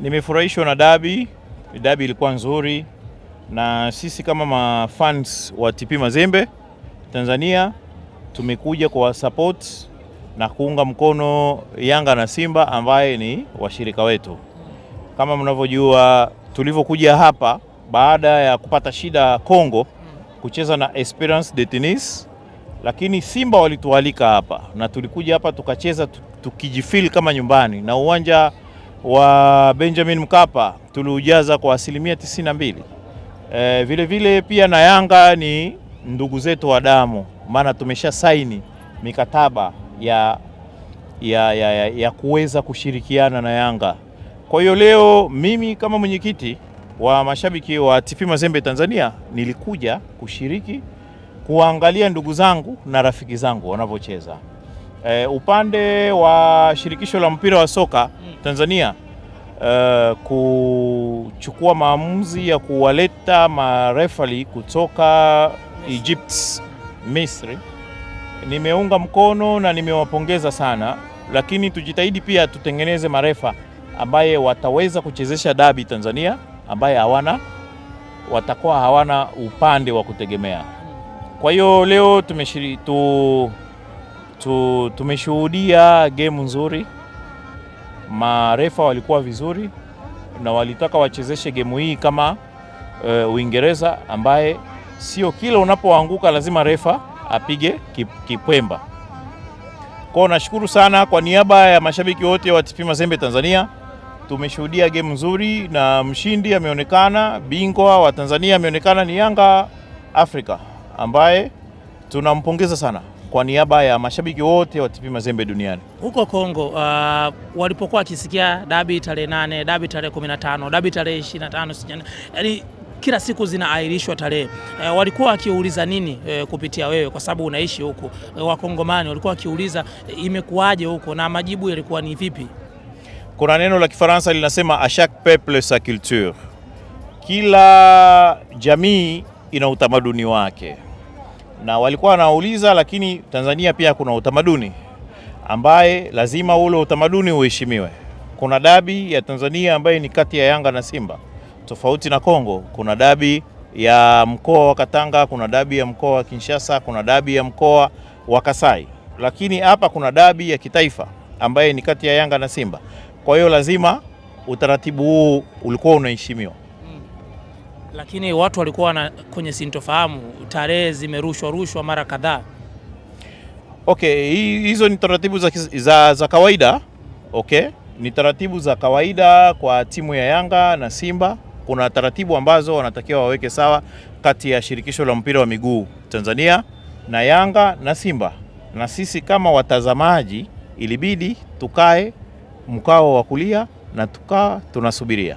Nimefurahishwa na dabi, dabi ilikuwa nzuri, na sisi kama mafans wa TP Mazembe Tanzania tumekuja kwa support na kuunga mkono Yanga na Simba ambaye ni washirika wetu. Kama mnavyojua, tulivyokuja hapa baada ya kupata shida Kongo kucheza na Esperance de Tunis, lakini Simba walitualika hapa na tulikuja hapa tukacheza tukijifil kama nyumbani na uwanja wa Benjamin Mkapa tuliujaza kwa asilimia 92. E, vile vile pia na Yanga ni ndugu zetu wa damu, maana tumesha saini mikataba ya, ya, ya, ya, ya kuweza kushirikiana na Yanga. Kwa hiyo leo mimi kama mwenyekiti wa mashabiki wa TP Mazembe Tanzania nilikuja kushiriki kuangalia ndugu zangu na rafiki zangu wanavyocheza. E, upande wa shirikisho la mpira wa soka mm. Tanzania e, kuchukua maamuzi ya kuwaleta marefali kutoka Egypt, Misri nimeunga mkono na nimewapongeza sana, lakini tujitahidi pia tutengeneze marefa ambaye wataweza kuchezesha dabi Tanzania, ambaye hawana watakuwa hawana upande wa kutegemea. Mm. Kwa hiyo leo tumeshiri tu tu, tumeshuhudia game nzuri, marefa walikuwa vizuri na walitaka wachezeshe gemu hii kama uh, Uingereza ambaye sio kila unapoanguka lazima refa apige kipwemba. Kwao nashukuru sana kwa niaba ya mashabiki wote wa TP Mazembe Tanzania. Tumeshuhudia game nzuri na mshindi ameonekana, bingwa wa Tanzania ameonekana ni Yanga Afrika ambaye tunampongeza sana kwa niaba ya mashabiki wote wa TP Mazembe duniani huko Kongo. Uh, walipokuwa wakisikia dabi tarehe nane, dabi tarehe 15, dabi tarehe 25, sijana yaani kila siku zinaahirishwa tarehe uh, walikuwa wakiuliza nini uh, kupitia wewe kwa sababu unaishi huko e, eh, Wakongomani walikuwa wakiuliza uh, imekuwaje huko na majibu yalikuwa ni vipi? Kuna neno la Kifaransa linasema a chaque peuple sa culture, kila jamii ina utamaduni wake na walikuwa wanauliza, lakini Tanzania pia kuna utamaduni ambaye lazima ule utamaduni uheshimiwe. Kuna dabi ya Tanzania ambaye ni kati ya Yanga na Simba, tofauti na Kongo. Kuna dabi ya mkoa wa Katanga, kuna dabi ya mkoa wa Kinshasa, kuna dabi ya mkoa wa Kasai, lakini hapa kuna dabi ya kitaifa ambaye ni kati ya Yanga na Simba. Kwa hiyo lazima utaratibu huu ulikuwa unaheshimiwa lakini watu walikuwa na kwenye sintofahamu, tarehe zimerushwa rushwa mara kadhaa. Okay, hizo ni taratibu za, za, za kawaida. Okay, ni taratibu za kawaida kwa timu ya Yanga na Simba. Kuna taratibu ambazo wanatakiwa waweke sawa kati ya shirikisho la mpira wa miguu Tanzania na Yanga na Simba, na sisi kama watazamaji ilibidi tukae mkao wa kulia na tukaa tunasubiria.